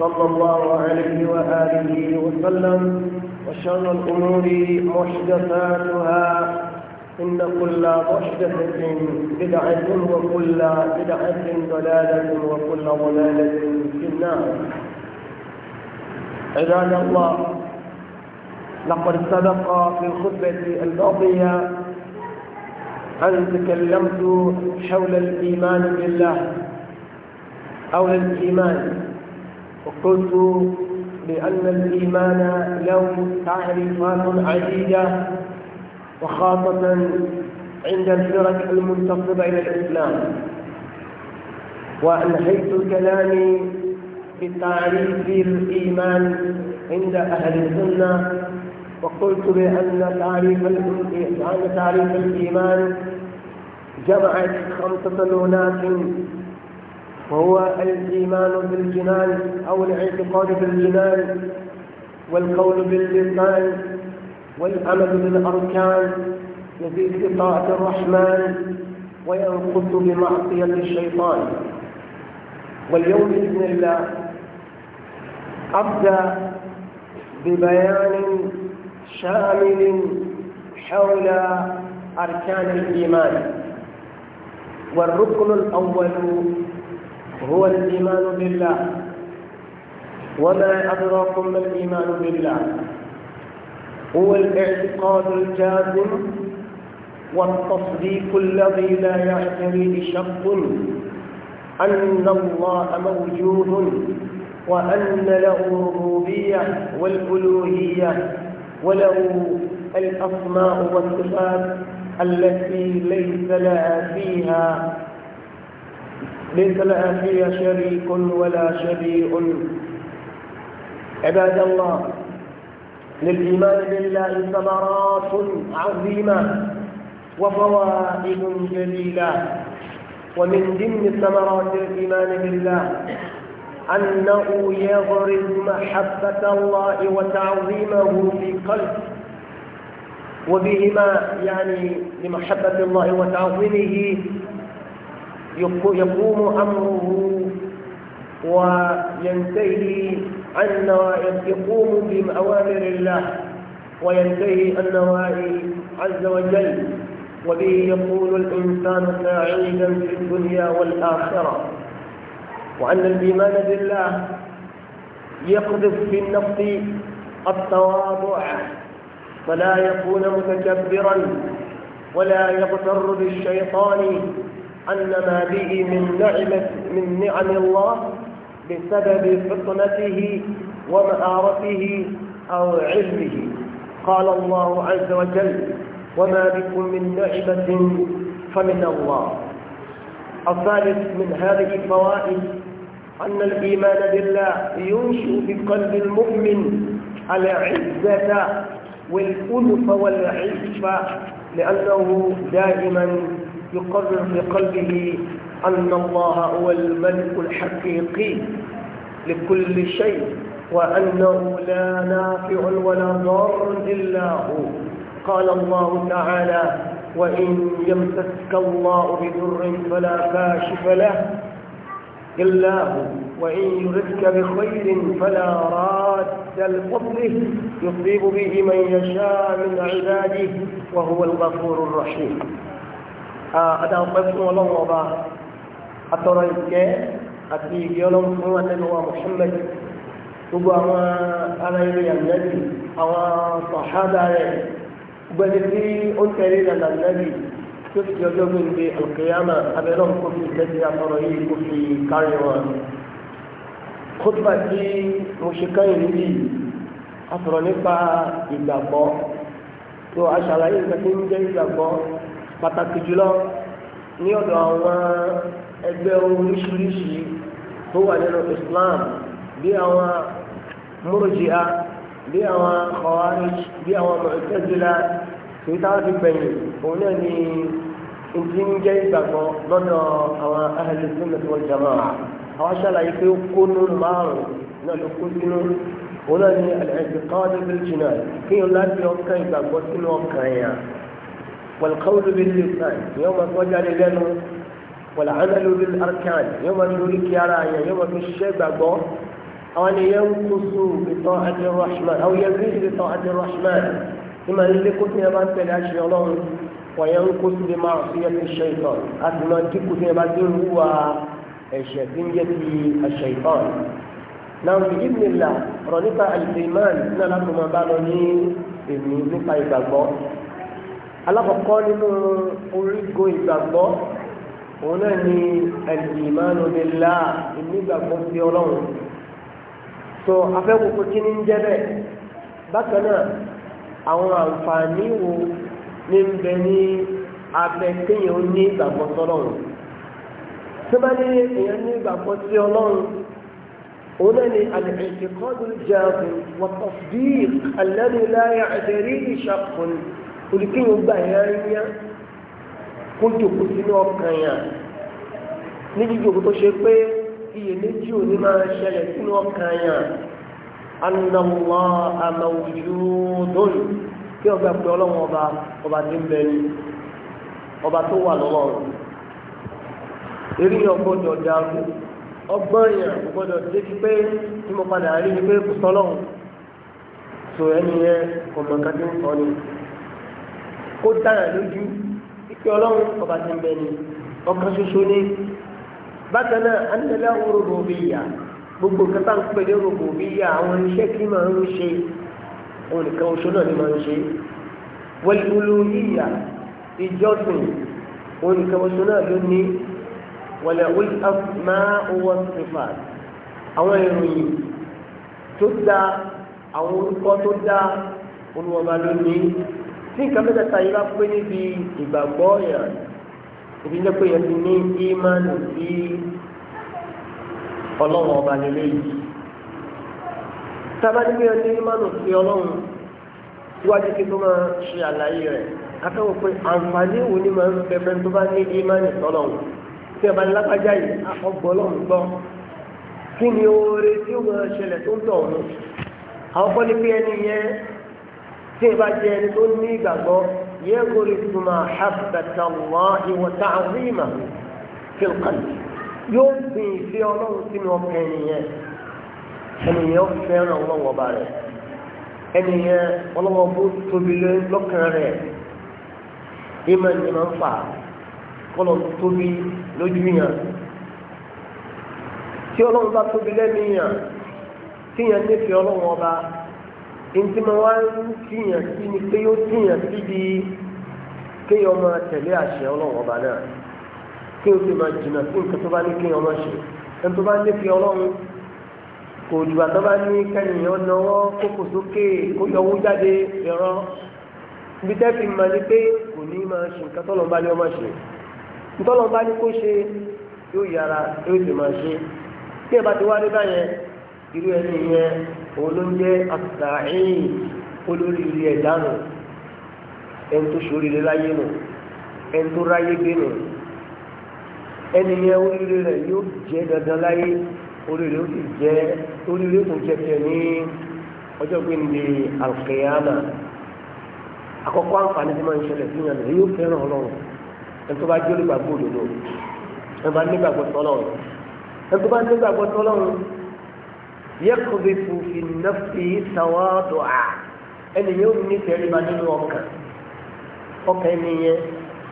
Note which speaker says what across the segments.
Speaker 1: صلى الله عليه وآله وسلم وشر الأمور محدثاتها إن كل محدثة بدعة وكل بدعة ضلالة وكل ضلالة في النار عباد الله لقد سبق في الخطبة الماضية أن تكلمت حول الإيمان بالله أو الإيمان وقلت بأن الإيمان له تعريفات عديدة وخاصة عند الفرق المنتصبة إلى الإسلام وأنهيت كلامي بتعريف الإيمان عند أهل السنة وقلت بأن تعريف تعريف الإيمان جمعت خمسة لونات وهو الإيمان بالجنان أو الاعتقاد بالجنان والقول باللسان والأمل بالأركان يزيد بطاعة الرحمن وينقص بمعصية الشيطان واليوم بإذن الله أبدأ ببيان شامل حول أركان الإيمان والركن الأول هو الإيمان بالله وما أدراكم ما الإيمان بالله هو الاعتقاد الجازم والتصديق الذي لا يعتريه شق أن الله موجود وأن له الربوبية والألوهية وله الأسماء والصفات التي ليس لها فيها ليس لها لأخي شريك ولا شبيء عباد الله للإيمان بالله ثمرات عظيمة وفوائد جليلة ومن ضمن ثمرات الإيمان بالله أنه يغرز محبة الله وتعظيمه في قلب وبهما يعني لمحبة الله وتعظيمه يقوم أمره وينتهي عنا يقوم بأوامر الله وينتهي عن نواهي عز وجل وبه يكون الإنسان سعيدا في الدنيا والآخرة وأن الإيمان بالله يقذف في النفس التواضع فلا يكون متكبرا ولا يغتر بالشيطان أن ما به من نعمة من نعم الله بسبب فطنته ومآرته أو علمه قال الله عز وجل وما بكم من نعمة فمن الله الثالث من هذه الفوائد أن الإيمان بالله ينشئ في قلب المؤمن العزة والألف والعفة لأنه دائما يقرر في قلبه أن الله هو الملك الحقيقي لكل شيء وأنه لا نافع ولا ضار إلا هو قال الله تعالى وإن يمسك الله بضر فلا كاشف له إلا هو وإن يردك بخير فلا راد لفضله يصيب به من يشاء من عباده وهو الغفور الرحيم adáwọ̀pẹ́ fún ọlọ́run ọba atọ́rọ ìkẹ́ àti ìgbé ọlọ́run fún anẹ́nuwa Muhammad gbogbo àwọn ará ilé ànábì àwọn sàhádà rẹ̀ gbẹ́ni tí ó ń tẹ̀lé ìlànà ànábì tó fi ọjọ́ gbòǹde alkiyama abẹ́rẹ́ kó fi ìtẹ́sí atọ́rọ yìí kó fi kárí wọn. kótópà tí mo ṣe káyìn níbí a sọ̀rọ̀ nípa ìgbàgbọ́ tó aṣàlàyé ìgbà tí ń jẹ́ ìgbàgbọ́ pàtàkì jùlọ ní ọ̀dọ̀ àwọn ẹgbẹ́ oríṣiríṣi tó wà nínú Islam bí àwọn múrùjíà bí àwọn khawarij bí àwọn mu'tazila èyí táwọn ti gbẹ̀yìn òun náà ni ìdí ń jẹ́ ìgbàgbọ́ lọ́dọ̀ àwọn ahlu sunnah wal jamaa'ah àwọn aṣáláyé pé ó kó nínú márùn-ún náà ló kó sínú òun náà ni al-i'tiqad bil-jinan kéèyàn láti ọkàn ìgbàgbọ́ sínú ọkàn yẹn. والقول باللسان يوم توجع لنا والعمل بالأركان يوم نريك يرايا يوم الشيب أو أن ينقص بطاعة الرحمن أو يزيد بطاعة الرحمن كما اللي قلت يا بنت الأشياء الله وينقص بمعصية الشيطان أثمان تكت يا هو الشيطانية الشيطان نعم بإذن الله رنقى الإيمان نلقى ما بالوني إذن نقى يبقى alákọ̀ọ́kọ́ nínú orígo ìgbàgbọ́ òun náà ni al-imanu billah ìnígbàgbọ́ sí ọlọ́run tó afẹ́kùnkùn kí ní ń jẹ́ bẹ́ẹ̀ bákan náà àwọn àǹfààní wo ní ń bẹ ní abẹ kéèyàn ó ní ìgbàgbọ́ sọ́lọ́run tó bá ní èèyàn ní ìgbàgbọ́ sí ọlọ́run òun náà ni al-i'tiqadu al-jazim wa tasdiq alladhi la ya'tarihi shakkun ni torí kéèyàn gbà yẹn yá kó jòkó sínú ọkàn yàn ní jíjòkó tó ṣe pé iyèméjì ò ní máa ṣẹlẹ̀ sínú ọkàn yàn anamọ amawuju dóòlù kí ọgbà pé ọlọ́wọ́n ọba ọba ti ń bẹ̀rù ọba tó wà lọ́wọ́ rẹ̀ eré ọgbọ́dọ̀ dàrú ọgbọ́n yàn ọgbọ́dọ̀ débi pé tí mo padà rí ni pé kò sọ́lọ́hún tó ẹni yẹn kò mọ̀ tí ń sọ ni kó dára lójú ike ọlọ́run ọba ti ń bẹ ni ọkàn ṣoṣo ni bákan náà anilẹ́lẹ́ òròbó bí yà gbogbo nǹkan tá à ń pè ní òròbó bí yà àwọn iṣẹ́ kí máa ń ṣe òun nìkan oṣù náà ni máa ń ṣe wẹ́lúwẹ́lú yíyà ìjọsìn òun nìkan oṣù náà ló ní wọlé wíl máa owó sífà àwọn ìròyìn tó dáa àwọn orúkọ tó dáa olùwọ́ba ló ní tí nǹkan mẹ́tẹ̀ẹ̀ta yìí bá pé níbi ìgbàgbọ́ yẹn ìdí ní pé yẹn ti ní ímánì sí ọlọ́run ọba nílé yìí tábà ní pé yẹn ti ímánì sí ọlọ́run síwájú kí tó máa ṣe àlàyé rẹ̀ akẹ́wọ̀n pé àǹfààní wo ni máa ń fẹ́fẹ́ tó bá ní ímánì sọ́lọ́run tí a bá ní lápájá yìí ọgbọ́n ọlọ́run gbọ́ kí ni oore tí ó máa ṣẹlẹ̀ tó ń tọ̀ ọ̀run àwọn kọ́ni pé ẹni yẹn tí ìbá jẹ́ ẹni tó ní ìgbàgbọ́ yẹ kó rí tuma àbàtà wọn ìwọ̀ta àwọn ìmà fílkàlì yóò fi ìfẹ́ ọlọ́run sínú ọkàn ènìyàn ènìyàn fẹ́ràn ọlọ́wọ́ ọba rẹ̀ ènìyàn ọlọ́wọ́ bó tóbi lọ́kàn rẹ̀ ntí mo wá ń tìyàn sí ni pé ó tìyàn síbi kéèyàn máa tẹ̀lé àṣẹ ọlọ́run ọba náà kí o sì máa jìnnà sí nǹkan tó bá ní kéèyàn máa ṣe ẹni tó bá ní fi ọlọ́run kò jùlọ tó bá ní kẹ́nìyàn náwó kókò sókè kó yọwó jáde ẹ̀rọ ibi tẹ́ẹ̀fì máa ní pé kò ní máa ṣe nǹkan tọ́lọ̀ bá ní ọmọ ṣe ntọ́lọ̀ bá ní kó ṣe yóò yára yóò sì máa ṣe bí ẹ bá ti wá dé báyẹn irú ẹni yẹn olóúnjẹ àtàyìn olórí ilé ẹ̀dá nù ẹni tó ṣoríire láyé nù ẹni tó ráyé gbé nù ẹni yẹn oríire rẹ̀ yóò jẹ́ dandan láyé oríire ó sì jẹ́ oríire kò jẹ́ tẹ̀ ní ọjọ́ gbẹ̀ndé alkeyama àkọ́kọ́ àǹfààní tí máa ń ṣẹlẹ̀ fún yàrá yóò fẹ́ràn ọlọ́run ẹni tó bá jẹ́ olùgbàgbọ́ òdodo ẹni bá nígbàgbọ́ tọ́lọ́run ẹni tó bá nígbàgbọ́ tọ́lọ́run yẹ́kùbìfù fi nọ́fì sàwádùá ẹni yóò ní tẹríba nínú ọkàn ọkàn ẹni yẹn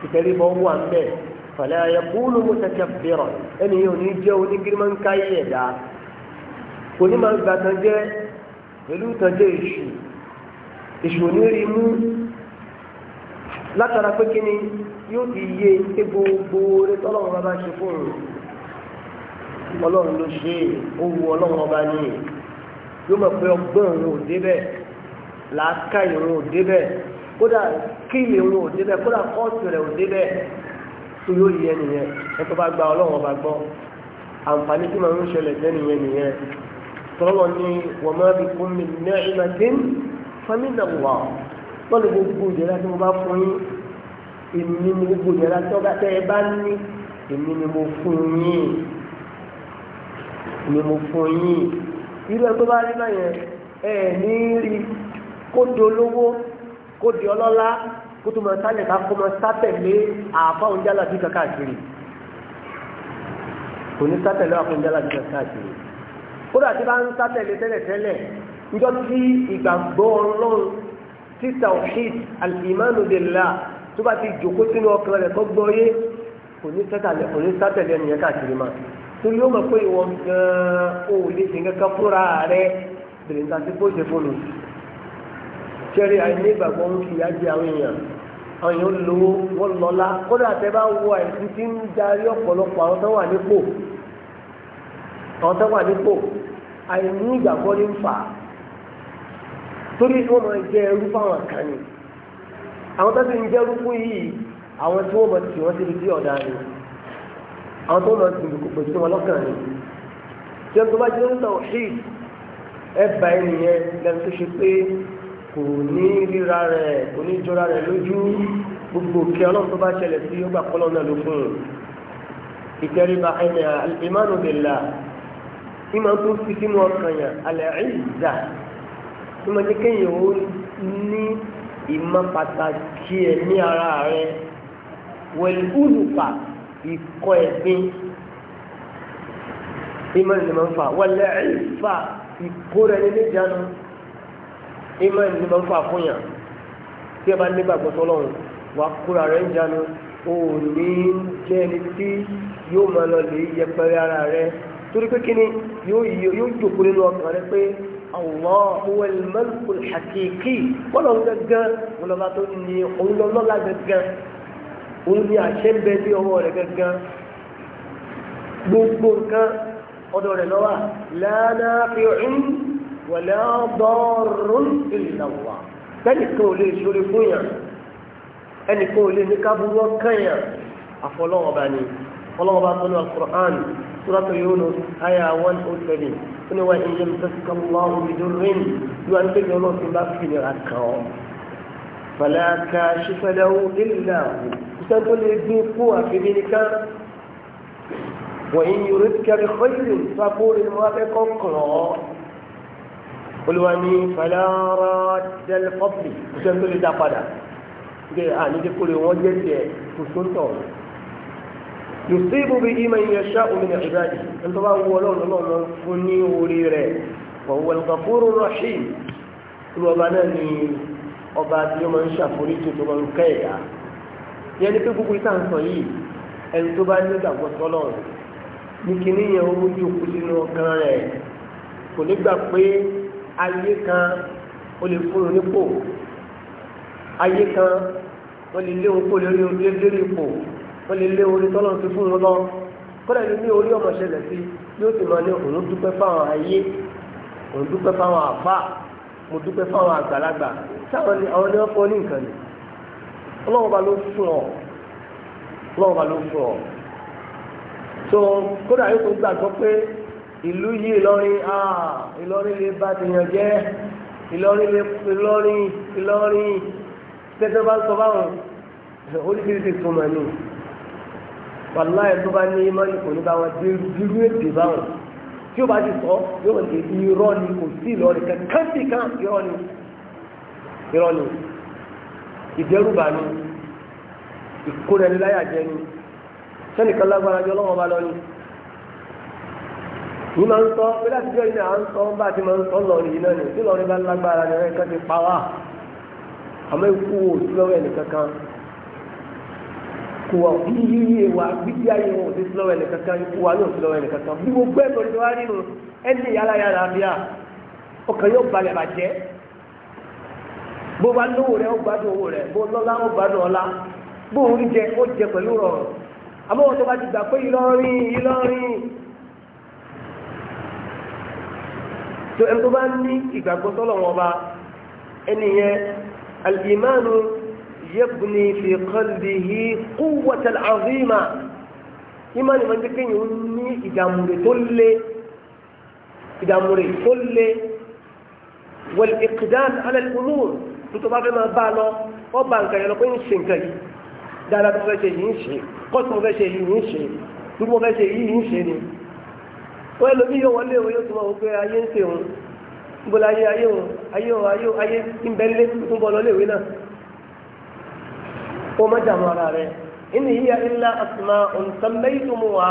Speaker 1: ìtẹríba wà ń bẹ̀ fàlẹ́ ayẹkùlù mọ́tẹ́kẹ́bìrọ̀ ẹni yóò ní jẹ́ onígírímọ́ńká yẹ̀ dá kò ní máa gbà tán jẹ́ pẹ̀lú tànjẹ́ èṣù èṣù onírí mú látara pé kíni yóò ti yé gbogbo orí tọ́lọ́wọ́n bá bá ṣe fún òun ọlọ́run ló ṣe é ó wu ọlọ́run ọba ní i yóò mọ̀ pé ọgbọ́n òun ò débẹ̀ làákà ìrún ò débẹ̀ kódà kíìlì òun ò débẹ̀ kódà kóòtù rẹ̀ ò débẹ̀ tó yóò yẹ nìyẹn ẹ tó bá gba ọlọ́run ọba gbọ́ àǹfààní tí màá ń ṣẹlẹ̀ jẹ́ nìyẹn nìyẹn tọ́lọ́ ni wọ́n máa fi kún mi ní ìmọ̀tín fámìlì wà gbogbo ìdẹ́ra tí mo bá fún yín èmi ni gbogbo ìdẹ́ra tí wọ́n bá tẹ́ ẹ bá ní èmi ni mo fún yín ni mo fún yín irú ẹ tó bá rí náà yẹn ẹ ní rí kó di olówó kó di ọlọ́lá kó tó máa sálẹ̀ ká kó máa sátẹ̀lé àfáwọn jálàbí kankan àkiri kò ní sátẹ̀lé àfáwọn jálàbí kankan àkiri kódà tí bá ń sátẹ̀lé tẹ́lẹ̀tẹ́lẹ̀ njọ́ tí ìgbàgbọ́ ọlọ́run tí tawhid al-imanu billah tó bá ti jòkó sínú ọkàn rẹ̀ tó gbọ́ yé kò ní sátẹ̀lé ẹnìyẹn káàkiri máa torí ó mọ̀ pé ìwọ gan-an ò lè ṣe kankan fúnra rẹ bèrè níta tí kò ṣe fóònù ṣẹ́rí àìní ìgbàgbọ́ ń fi ìyá jẹ àwọn èèyàn àwọn èèyàn lówó wọ́n lọ́lá kódà tẹ́ bá wọ àìsí tí ń darí ọ̀pọ̀lọpọ̀ àwọn tó wà nípò àwọn tó wà nípò àìní ìgbàgbọ́ ní ń fà á torí wọ́n máa jẹ ẹrú fáwọn kan ni àwọn tó ti ń jẹ ẹrú fún yìí àwọn tí wọ́n máa tì wọ́n síbi tí ọ̀dà ni àwọn tó lọ sí ìdókòpò sí wọn lọ́kàn rẹ̀ tí wọ́n tó bá jẹ́ ńlọ ṣì ẹ bá ẹnìyẹn lẹ́nu tó ṣe pé kò ní ríra rẹ̀ kò ní jọra rẹ̀ lójú gbogbo kí ọlọ́run tó bá ṣẹlẹ̀ sí ó gbà kọ́lọ́ náà ló fún un ìtẹríba ẹni ìmánu bẹ̀là ìmọ̀ tó fi sínú ọkàn yàn alẹ́ ìzà ìmọ̀ jẹ́ kéèyàn ó ní ìmọ̀ pàtàkì ẹ̀ ní ara rẹ̀ wẹ̀lú ùlùpà ikọ́ ẹ̀gbin ìmọ̀ni ni máa ń fà wọlé ìfà ìkórè ní níjànú ìmọ̀ni ni máa ń fà fún yàn tí ẹ bá nígbàgbọ́ sọlọ́run wà á kóra rẹ̀ ń jánu ò ní jẹ́ ẹni tí yóò máa lọ lè yẹpẹrẹ ara rẹ̀ torí pé kíni yóò jòkó nínú ọkàn rẹ̀ pé Allah huwal malikul haqiqi wọ́n lọ gángan wọ́n lọ́ba tó ní òun lọ́lá gángan òun ni àṣẹ ń bẹ sí ọwọ́ rẹ̀ gangan gbogbo nǹkan ọ̀dọ̀ rẹ̀ lọ́wọ́ lánàáfi ọ̀hún wọ̀lẹ́ ọ̀dọ́rùn ìlàwà ẹnìkan ò lè ṣoore fún yàn ẹnìkan ò lè ní kábúrò kànyàn àfọlọ́wọ́ba ni ọlọ́wọ́ba tó ní alukur'an sọ́dọ̀tò Yunus àyà one oh seven tó ní wà ní yẹn fàlàkà ṣífẹ́lẹ́wò ìlàwọ̀ ìtàn tó lè dín fún àfihàn nìkan wọ̀nyí yorùbá ti kẹ́rì xeyìrì fàkóòrè ni wọ́n fẹ́ kọ́ kọ̀ọ̀ olùwà ní falára tẹlifọ́pì ìtàn tó lè dá padà ṣe ànídékòrè wọ́n jẹ́ tiẹ̀ kò sóńtọ̀ yusibu bi iman yasha min ibadi en to ba wo Ọlọ́run Ọlọ́run fún ní orí rẹ̀ wa huwa al-ghafuru rahim lo na ni ọba tí ó máa ń ṣàforíjì tó máa ń kẹ́ ẹ̀dá yẹn ni pé gbogbo ìta ń sọ yìí ẹni tó bá ní ìgbàgbọ́ sọ́lọ̀ ní kíní yẹn ó mójú òkú sínú ọkàn rẹ̀ kò ní gbà pé ayé kan ó lè fún un nípò ayé kan wọ́n lè lé òun kó lórí lórí ipò wọ́n lè lé orí tọ́lọ́ ti fún un lọ kọ́lá ní ní orí ọmọ ṣẹlẹ̀ sí yóò ti máa ní òun dúpẹ́ fáwọn ayé òun dúpẹ́ fáwọn àfà mo dúpẹ́ fáwọn àgbàlagbà sáwọn ni àwọn ni wọ́n fọ́ ní nǹkan nìyí ọlọ́run bá ló fún ọ ọlọ́run ló fún ọ so kódà yóò tó gbàgbọ́ pé ìlú yìí ìlọrin ah, ìlọrin lè bá tèèyàn jẹ́ ìlọrin lè ìlọrin ìlọrin tẹ́tẹ́ bá ń sọ báwọn oríṣiríṣi túmọ̀ ni wàláyé tó bá ní imáyé kò ní báwọn dúró èdè báwọn tí ó bá ti sọ yóò ní irọ́ ni kò sí ìlọrin kankan sí kan irọ́ ni irọ́ ni ìdẹ́rùbà ni ìkórẹniláyàjẹ ni sẹ́nìkan lágbára jọ lọ́wọ́ bá lọ ni ní máa ń sọ pé láti jọ ilé à ń sọ bá ti máa ń sọ lọ́rin yìí náà ni tí lọ́rin bá lágbára ni ẹ̀ka ti pa wá àmọ́ ikú wo sí lọ́wọ́ ẹnìkankan kò wà bí yíyí wa bíbí ayé wọn ò sí lọ́wọ́ ẹnìkankan ikú wa ní sí lọ́wọ́ ẹnìkankan bí gbogbo ẹ̀ lórí wa nínú ẹni yàrá yàrá bíà ọkàn yóò balẹ̀ bàjẹ́ bó bá lówó rẹ ó gbádùn owó rẹ bó lọ́lá ó gbádùn ọlá bó ń jẹ ó jẹ pẹ̀lú rọrùn àmọ́ wọn tó bá ti gbà pé Ìlọrin Ìlọrin tó ẹni tó bá ní ìgbàgbọ́ sọ́lọ̀ wọn bá ẹni yẹn alìmánu yẹ́bùnì fi qalbihi quwwatal azima ìmánu máa ń jẹ́ kéèyàn ní ìdàmúre tó lé ìdàmúre tó lé wal iqdam ala al tó bá fẹ́ máa bá a lọ ó bá nǹkan yẹn lọ pé ń ṣe nǹkan yìí dáadáa tó fẹ́ ṣe yìí ń ṣe kọ́ tó fẹ́ ṣe yìí ń ṣe tó tó fẹ́ ṣe yìí ń ṣe ni. wọ́n lómi yóò wọlé o yóò máa wọ pé ayé ń ṣe òun ayé òun ayé òun ayé ayé ń lé tó lọ léwé náà. ó má dààmú ara yíya illa asma òǹtàmẹ́yìntòmùwà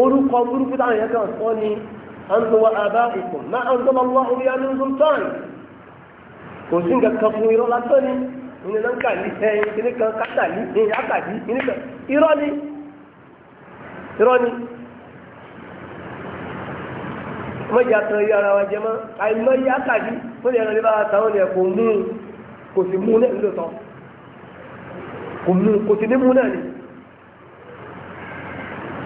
Speaker 1: orúkọ burúkú táwọn yẹn kàn sọ ni àǹtọ̀wà àbá ìkùn má àǹtọ̀wà kò sí nǹkan kan fún irọ́ lásán ni ìní náà ń kà ní ẹ ìní kan kátà ní ìní àkàdí ìní kan irọ́ ni irọ́ ni wọ́n jẹ́ àtàn iye ara wa jẹ mọ́ àìmọ́ iye àkàdí wọ́n lè rànlẹ́ bá wa tàwọn ẹ̀ kò mú un kò sì mú un náà nílò tán kò mú un kò sì ní mú un náà ni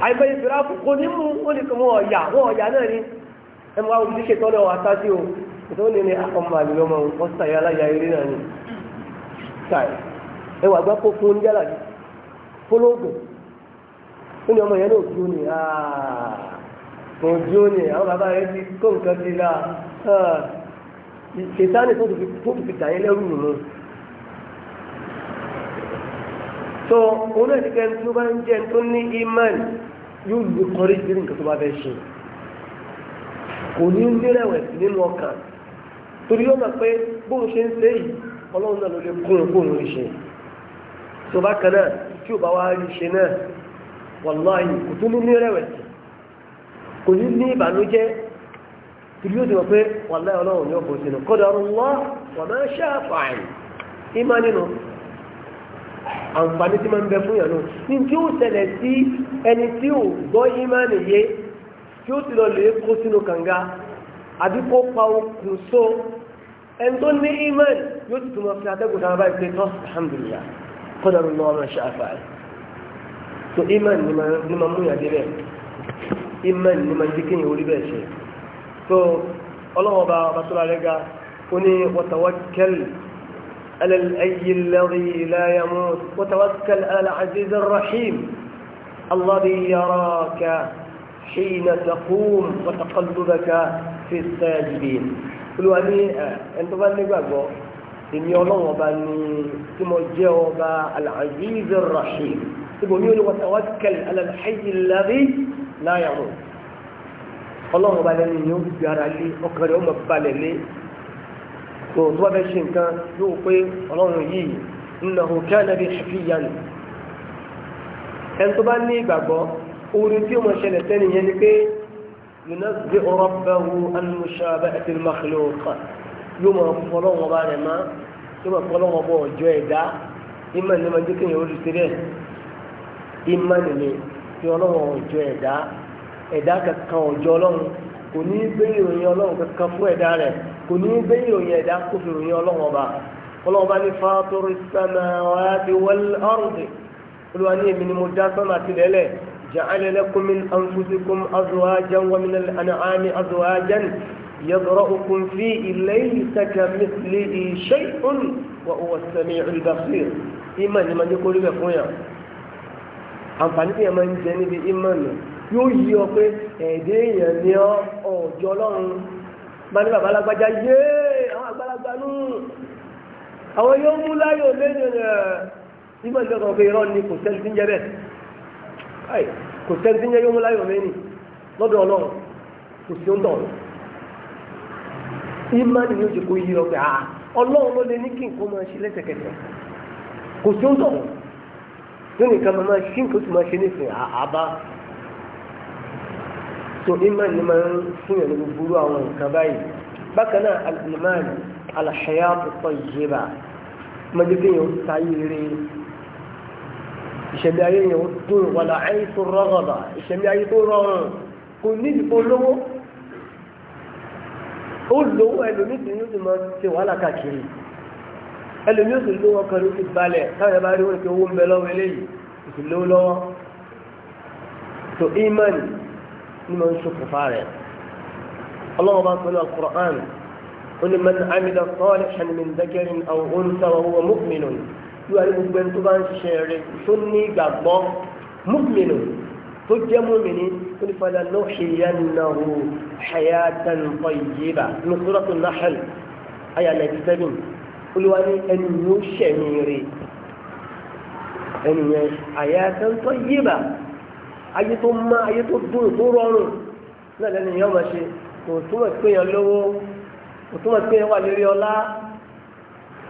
Speaker 1: àìmọ́ iye fìrà kò ní mú un ó lè kọ́ wọn ọ̀yà wọn ọ̀yà náà ni ẹ̀ àwọn olùdíje tọ́lẹ̀ ọ̀ tó ní ní akọ́mọ àlùlọ́mọ nǹkan sàyà aláya eré náà ni sàyà ẹ wà gbá kókó ń yálà bí fọlọ́gùn ó ní ọmọ yẹn náà dúró ní kò dúró ní àwọn bàbá rẹ ti kó nǹkan ti la ìṣètánì tó ti fi dàyẹ lẹ́rù nù tó òun náà ti kẹ́ ẹni tó bá ń jẹ́ ẹni tó ní imán yóò lu kọrí sí nǹkan tó bá fẹ́ ṣe kò ní nírẹ̀wẹ̀sì nínú ọkàn torí ó mọ̀ pé bóun ṣe ń ṣe yìí ọlọ́run náà ló lè kún un bóun lè ṣe tó bá kan náà tí ò bá wá rí ṣe náà wàláhì kò tún ní ní kò ní ní ìbànújẹ́ torí ó ti pé wàláhì ọlọ́run ní ọ̀bọ̀ sínú kọ́dà Allah wa ma sha'a fa'al ìmá nínú àǹfààní tí máa ń bẹ fún yàrá ní tí ó ṣẹlẹ̀ sí ẹni tí ò gbọ́ ìmá nìyé tí ó ti lọ lè kó sínú kànga àbí kó pa okùn so ẹni tó ní imán yóò ti túnmọ̀ fi atẹ́gùn náà báyìí pé tọ́ alhamdulillah kọ́dọ̀rù ọmọ ṣe àfààní so imán ni ma mú yàdé bẹ́ẹ̀ imán ni ma jí kéyìn orí bẹ́ẹ̀ ṣe so ọlọ́wọ́ bá ọba tó lálẹ́ ga ó ní watawakkal ala al-ayyi alladhi rahim alladhi yaraka hina taqum wa fi sajidin olúwa ní ẹni tó bá nígbàgbọ́ èmi ọlọ́run ọba ní tí mo jẹ́ ọba al-aziz ar-rahim ibò ní olúwa tawakkal ala al-hayy alladhi la yamut ọlọ́run ọba lẹ́nu yóò fi ara lé ọkàn rẹ̀ ó mọ̀ balẹ̀ lé tó tó bá ṣe nǹkan yóò pé ọlọ́run yìí innahu kana bi hafiyyan ẹni tó bá ní ìgbàgbọ́ orin tí ó mọ̀ ṣẹlẹ̀ sẹ́ni yẹn ni pé ينزئ ربه عن مشابهة المخلوق يوم فلان وبارما يوم فلان وبو جويدا إما لما جكن يقول سيرين إما لما يولون وجويدا ẹ̀dá kankan ọjọ́ ọlọ́run kò ní í gbé ìròyìn ọlọ́run kankan fún ẹ̀dá rẹ̀ kò ní í gbé ìròyìn ẹ̀dá kó fi ròyìn ọlọ́run ọba ọlọ́run ọba ní fàtọ́rì sàmà ọ̀hádìí wọ́n ọ̀rùn dè olúwa ní èmi ni mo dá sọ́nà àtìlẹ́lẹ̀ جعل لكم من أنفسكم أزواجا ومن الأنعام أزواجا يضرأكم فيه ليس كمثله شيء وهو السميع البصير إيمان ما يقول لك يا àǹfààní tí ẹ máa ń jẹ níbi ìmọ̀nà yóò yí ọ pé ẹ̀ẹ́dẹ́ èèyàn ní ọjọ́ ọlọ́run bá ní bàbá alágbájá yé àwọn àgbàlagbà nù àwọn yóò mú láyò lẹ́yìn rẹ̀ ìmọ̀ ìjọba ọ̀gbẹ́ irọ́ ni kò sẹ́ni tí ń jẹ bẹ́ẹ̀ kò sẹ́ńtì ń yẹ yóò mú láyọ̀ mẹ́ni lọ́dọ̀ ọlọ́run kò sí ó ń tọ̀ ìmánì ni ó ti kó yí ọ pé à ah, ọlọ́run ló lè ní kí nǹkan máa ṣe lẹ́sẹ̀kẹsẹ̀ kò sí ó ń tọ̀ tó nìkan máa ṣí nǹkan tó máa ṣe nísìn àbá tó ìmánì ni máa ń fún yẹn ní gbogbo àwọn nǹkan báyìí bákan náà al-iman al-hayat at-tayyiba máa jẹ́ sáyé rèé ìṣẹ̀mí ayé yẹn ó dùn wàlà ayé tó rọrọ̀bà ìṣẹ̀mí ayé tó rọrùn kò ní ìdìbò lówó ó lówó ẹlòmíì tí yóò ti máa ṣe wàhálà káàkiri ẹlòmíì sì lówó ọkàn ló ti balẹ̀ táwọn yẹn bá rí wọn ti owó ń bẹ lọ́wọ́ eléyìí ìsì lówó lọ́wọ́ tó iman ni mo ń ṣokùnfà rẹ̀ ọlọ́wọ́ bá pẹ̀lú al-Qur'an ó ní man amila salihan min dhakarin aw untha wa tí wàá ní gbogbo ẹni tó bá ń ṣiṣẹ́ rẹ̀ tó ní ìgbàgbọ́ múmìnù tó jẹ́ múmìnì tó ní fàdà náà ṣe yá nínú hayatan tayyiba ní suratul Nahl aya 97 olúwa ní ẹni yóò ṣẹ̀mí rẹ̀ ẹni yẹn hayatan tayyiba ayé tó má ayé tó dùn tó rọrùn náà lẹ́nu yẹn wọ́n ṣe kò túmọ̀ pé yẹn lówó kò túmọ̀ pé yẹn wà lórí ọlá.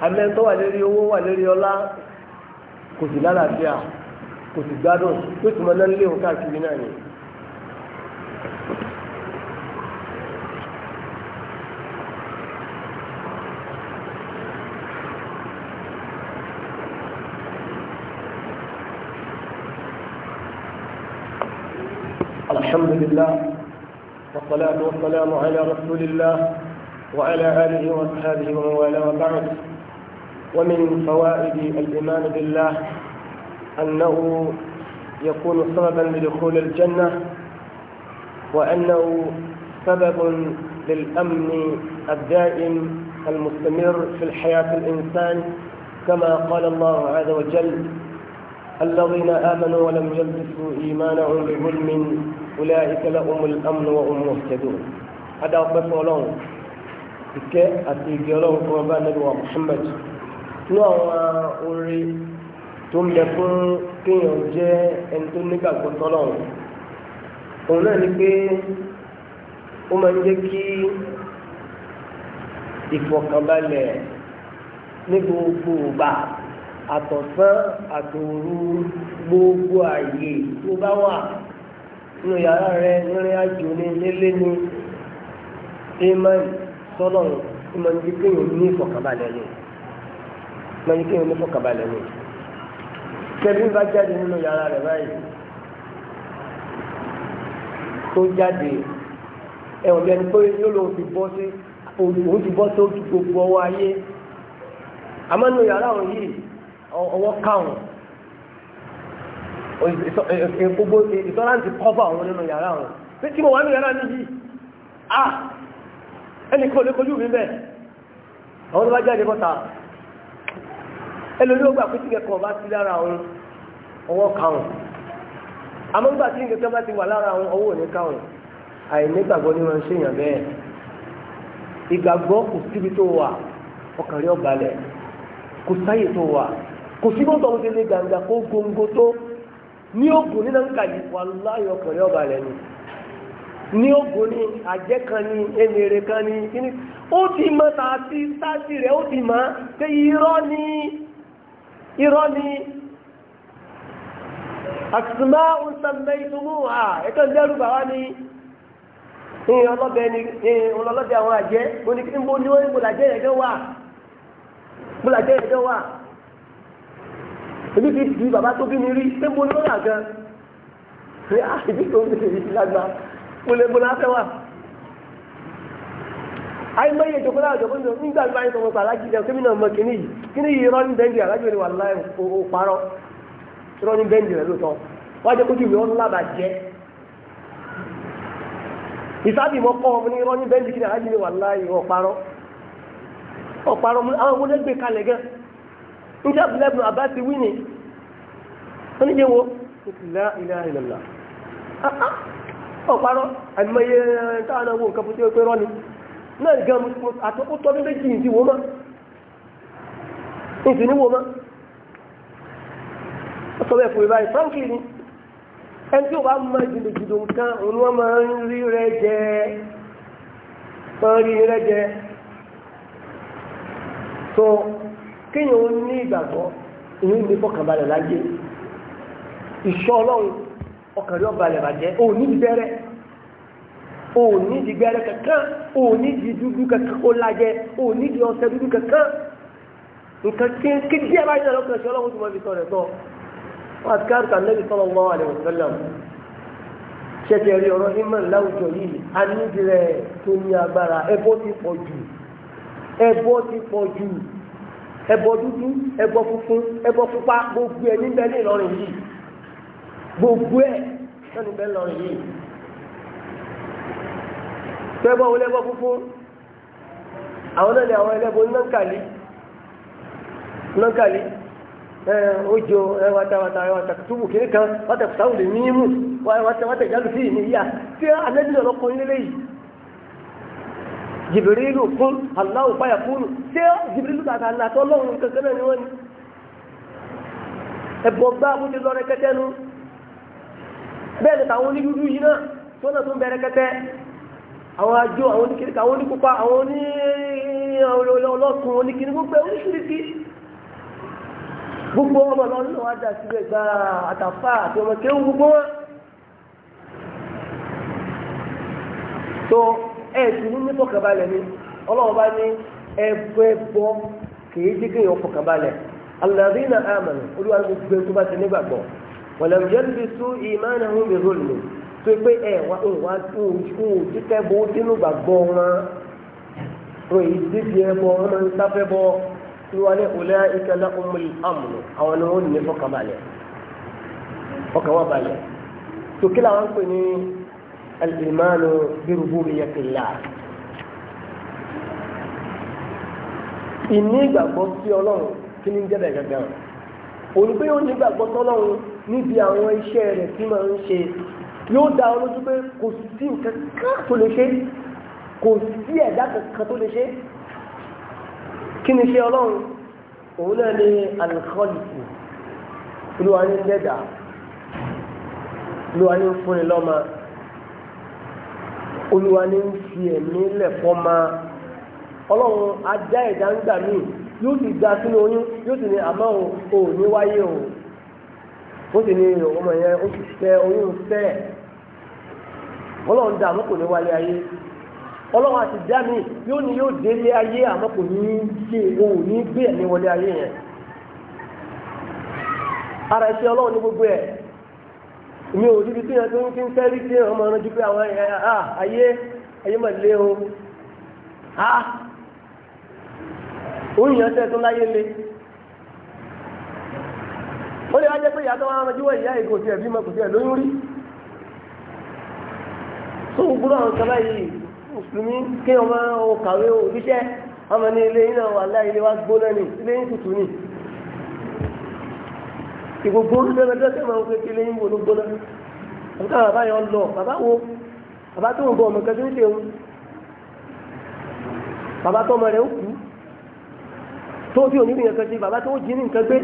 Speaker 1: amẹ́ni tó wà lérí owó wà lérí ọlá kò sì lálàáfíà kò sì gbádùn tó sì mọ lẹ́nu léwu káàkiri náà ni. الحمد لله والصلاة والسلام على رسول الله وعلى آله وأصحابه ومن والاه وبعد ومن فوائد الإيمان بالله أنه يكون سببا لدخول الجنة وأنه سبب للأمن الدائم المستمر في الحياة الإنسان كما قال الله عز وجل الذين آمنوا ولم يلبسوا إيمانهم بظلم أولئك لهم الأمن وهم مهتدون هذا قصة لهم كي أتيجي لهم كما محمد ní àwọn orí tó ń bẹ fún kéèyàn jẹ́ ẹni tó nígbàgbọ́ tọ́lọ́run òun náà ni pé ó máa ń jẹ́ kí ìfọ̀kànbalẹ̀ ní gbogbo ìgbà àtọ̀sán àtòru gbogbo àyè tó bá wà nínú yàrá rẹ nírìn àjò ní nílé ní ìmọ̀ sọ́lọ́run ìmọ̀ ní kéèyàn ní ìfọ̀kànbalẹ̀ yìí máa yẹ kí èèyàn lọ́fọ̀ kàbalẹ̀ ni tẹ̀bí bá jáde nínú yàrá rẹ̀ báyìí tó jáde ẹ̀wọ̀n bí ẹni pé yóò lòun ti bọ́ sí òun ti bọ́ sí gbogbo ọwọ́ ayé àmọ́ nínú yàrá òun yìí ọwọ́ káwọn gbogbo ìtọ́láǹtì kọ́bà àwọn nínú yàrá wọn pé tí mo wà ní yàrá níbi ah ẹnì kan ò lè kojú mi bẹ́ẹ̀ àwọn tó bá jáde bọ́ta ẹlòmí ó gbà pé tíkẹ́ kan bá sí lára òun ọwọ́ káwọn àmọ́ nígbà tí nǹkan bá ti wà lára òun ọwọ́ òní káwọn àìnígbàgbọ́ ni wọ́n ń ṣèyàn bẹ́ẹ̀ ìgbàgbọ́ kò síbi tó wà ọkàn rẹ̀ ọ̀balẹ̀ kò sáyè tó wà kò sí délé kó tó ní nínú nǹkan yìí wà láyé ni ní àjẹ́ kan kan ó ti mọ tààtì rẹ̀ ni. irọ́ ni àtìsímá òǹsànmẹ́ ìtumú à ètò ìdẹ́rù ni àwọn àjẹ́ mo ní kí n ẹ̀jọ́ wà ìgbòlàjẹ́ ẹ̀jọ́ wà bàbá tó bí rí pé mo ní ó rà gan ìbí tó ń bèrè mo lè láfẹ́ àìmọye ìjọba náà jọba ní nígbà tí wọ́n sọ wọn pa alájí dẹ kí mi náà mọ kíní yìí kíní yìí rọ ní bẹ́ńdì alájí rẹ wà láì ó parọ́ rọ ní bẹ́ńdì ah, ah. rẹ náà gan àtọ́kù tọ́dún méjì ní wọ́n mọ́ ní ní wọ́n mọ́ ó sọ bẹ́ẹ̀ fún ìbáyìí frankly ni ẹni tí ó bá mọ jìnnìjìnnì nǹkan òun wọ́n máa ń rí rẹ jẹ máa ń rí rẹ jẹ tó kéèyàn ó ní ìgbàgbọ́ ìyún ní fọkànbalẹ̀ láyé ìṣọ́ ọlọ́run ọkàn rí ọbalẹ̀ òní di gbẹ́rẹ́ kankan òní di dúdú kankan ó lajẹ òní di ọṣẹ dúdú kankan nǹkan kí díẹ̀ báyìí náà lọ́kàn ṣe ọlọ́run tó máa fi sọ rẹ̀ sọ wọn àti káàrùkà nẹ́bí sọ́lọ́ wọn wà lẹ́wọ̀n sẹ́lẹ̀ ṣẹ̀ṣẹ̀ rí ọ̀rọ̀ iman láwùjọ yìí a nídìí rẹ̀ tó ní agbára ẹbọ ti pọ̀ jù ẹbọ ti pọ̀ jù ẹbọ dúdú ẹbọ funfun ẹbọ pupa gbogbo ẹ níbẹ̀ ní Ìlọrin yìí gbogbo ẹ sẹ́ni bẹ́ẹ̀ lọ́rin yìí pẹ́gbọ́n wọn lẹ́gbọ́n fúnfún àwọn náà ni àwọn ẹlẹ́gbọ́n nánkàlí nánkàlí ojo wàtàwàtà wàtà túbù kìíní kan wàtà sáwù lè mímú wàtà ìjálù sí ìní yá tí anẹ́bí lọ́nà kọ́ nílé yìí jìbìrìlù kún aláwò fáyà kúrù tí jìbìrìlù kàkà àtọ́ lọ́run kankan náà ni wọ́n ni ẹ̀bọ̀ gbá bó ti lọ rẹ kẹ́tẹ́nu bẹ́ẹ̀ ni tàwọn onídùúdú yìí náà tó náà tún bẹ̀rẹ̀ kẹ́kẹ́ àwọn ajó àwọn oníkiri àwọn onípupa àwọn oní ọlọ́kùn oníkiri gbogbo oníṣiríṣi gbogbo ọmọ lọ́nà wa dà síbẹ̀ gba àtàfà àti ọmọ kéwù gbogbo wọn. tó ẹ̀sùn ní tó pé ẹ wá ẹ wá tó o jíkẹ́ bó dínú gbàgbọ́ wọn o yìí dídì ẹ bọ wọn máa ń sáfẹ́ bọ tiwa ní ọlẹ́ ìkẹlẹ́ ọmọlẹ́ àmúlò àwọn ni wọ́n ní fọkànbalẹ̀ fọkànbalẹ̀ tó kí làwọn pè ní alìmánu bi rububiyyatillah. ìní ìgbàgbọ́ sí ọlọ́run kí ní jẹ́ bẹ́ẹ̀ gẹ́gẹ́ pé ó ní ìgbàgbọ́ sọ́lọ́run níbi àwọn iṣẹ́ rẹ̀ tí máa ń ṣe yóò dá ọ lójú pé kò sí kankan tó lè ṣe kò sí ẹ̀dá kankan tó lè ṣe kí ni ṣe ọlọ́run òun náà ní alikọ́lìkù olúwa ní dẹ́dà olúwa ní fúnni lọ́mọ olúwa ní fi ẹ̀mí lẹ̀kọ́ máa ọlọ́run ajá ẹ̀dá ń gbà míì yóò sì gba sínú oyún yóò sì ní àmọ́ òun wáyé òun. ó sì ní ọmọ yẹn ó sì fẹ́ oyún fẹ́ ọlọ́run dá àmọ́ kò ní wálé ayé ọlọ́run àti dá yóò ní yóò délé ayé àmọ́ kò ní ṣe òun ní gbé wọlé ayé yẹn ara ẹ̀ṣẹ̀ ọlọ́run ní gbogbo ẹ mi ò ríbi tí yẹn tó ń kí sí ọmọ o yẹn tó láyé ó lè wá jẹ́ pé ìyá tó wá ránjú wọ ìyá ìgò tiẹ̀ bímọ kò tiẹ̀ lóyún rí tó ń gbúdọ̀ àwọn sábà yìí mùsùlùmí kí ọmọ ọ kàwé o ríṣẹ́ ọmọ ní ilé yìí náà wà láì ilé wa gbóná ni ilé yìí tutù ni ìgbogbo olùdókòtò tẹ̀ máa ń pè kí ilé yìí wò ló gbóná àbúkà bàbá yẹn lọ bàbá wo bàbá tó ń bọ ọmọ kẹtù ń ṣe o bàbá tó ọmọ rẹ̀ ó kú tó bí oníbìyàn kẹtù bàbá tó jí ní nǹkan gbé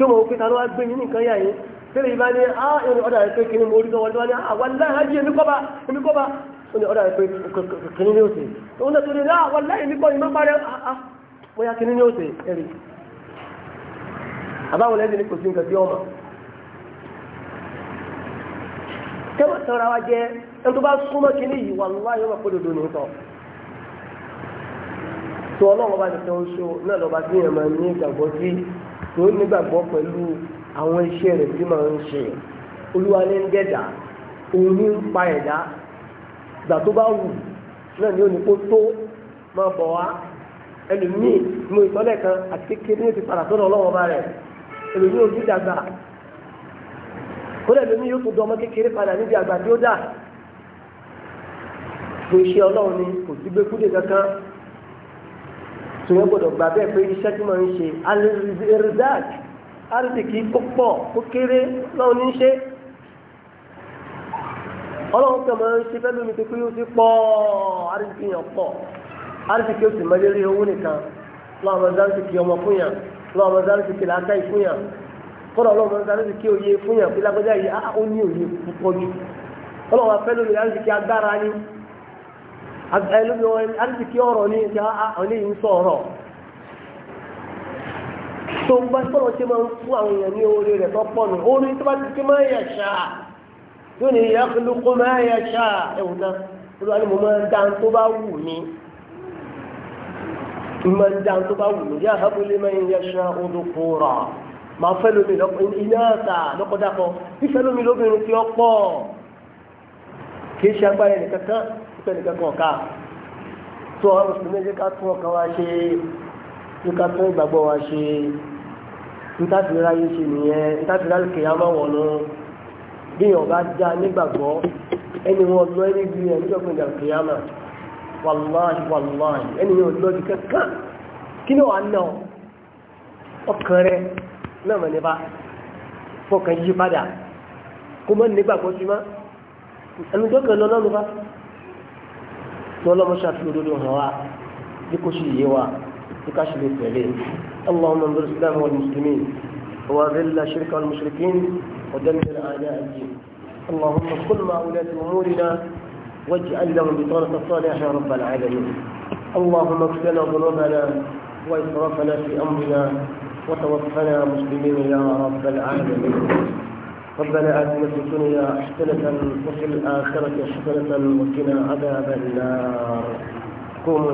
Speaker 1: tí mo fi tanu wá gbé yín nìkan yà yín tẹ́lẹ̀ ìbá ní á ìrìn ọ̀dà rẹ̀ pé kí ni mo rí lọ́wọ́ lọ́wọ́ ní àwọn aláìhájí èmi kọ́ bá èmi kọ́ bá ó ní ọ̀dà rẹ̀ pé kìnní ní òsè òun náà tó ní àwọn aláìhájí kọ́ ìmọ̀ parẹ́ bóyá kìnní ní òsè ẹ̀rì àbáwọn lẹ́yìn ní kò sí nǹkan tí ọmọ. tẹ́wọ̀ sanra wa jẹ́ ẹni tó bá súnmọ́ kìnní yìí wà láyé wà kódodo ní sọ. tó ọlọ́run bá ti tẹ́ tó nígbàgbọ́ pẹ̀lú àwọn iṣẹ́ rẹ̀ tí màá ń ṣe olúwa ní ń dẹ̀dà òun ní ń pa ẹ̀dá ìgbà tó bá wù náà ni ó tó máa bọ̀ wá ẹlòmíì mo ìtọ́lẹ̀ kan àti kékeré ní ti padà sọ́dọ̀ ọlọ́wọ́ bá rẹ̀ ẹlòmíì ojú dàgbà kódà ẹlòmíì yóò tó dọ́ ọmọ kékeré padà níbi àgbà tí ó dà gbèsè ọlọ́run ni kò sí kankan sòyẹ́ gbọ́dọ̀ gbà bẹ́ẹ̀ pé iṣẹ́ tí mo ń ṣe aliridak arizikì kó pọ̀ kó kéré lọ́wọ́ ní ṣe ọlọ́run kan máa ń ṣe fẹ́ lómi pé kí ó ti pọ̀ arizikì yàn pọ̀ arizikì ó sì máa lérí owó nìkan lọ́wọ́ máa dáríṣìkì ọmọ fún yàn lọ́wọ́ máa dáríṣìkì làákàyè fún yàn kọ́dọ̀ ọlọ́run máa dáríṣìkì òye fún yàn ẹlòmí wọn arzikí ọ̀rọ̀ ní ìjà ọ̀lẹ́ yìí ń sọ ọ̀rọ̀ tó ń bá sọ̀rọ̀ tí máa ń fún àwọn èèyàn ní orí rẹ̀ tó pọ̀ nù orí tó bá ti fi máa yẹ ṣá ní ìyá máa yẹ ṣá ẹ̀wù máa ń dáhùn tó bá wù mí máa ń dáhùn tó bá wù mí pípẹ́ nìkan kan ọ̀ka tó àwọn mùsùlùmí jẹ́ ká tún ọkàn wa ṣe jẹ́ ká tún ìgbàgbọ́ wa ṣe nítàtìlera yìí ṣe nìyẹn nítàtìlera kè á máa wọ̀nù bí èèyàn bá já nígbàgbọ́ ẹni wọn lọ ẹni bí ẹni tó fún ìdàgbé á mà wàláhì wàláhì ẹni yóò lọ ju kankan kí ni wàá nà ọkàn rẹ náà mọ̀ nípa fọkàn yí padà kó mọ́ nígbàgbọ́ sí má ẹnu tó kàn lọ lọ́nu bá. ولما شاء في ودود هواء لكشي يوا لكشي الفعلين اللهم انظر الإسلام والمسلمين وذل شرك المشركين ودمر أعداء الدين اللهم كل مع ولاة أمورنا واجعل لهم بطانة صالحه يا رب العالمين اللهم اغفر لنا ذنوبنا وإسرافنا في أمرنا وتوفنا مسلمين يا رب العالمين ربنا آتنا في الدنيا حسنة وفي الآخرة حسنة وقنا عذاب النار قوموا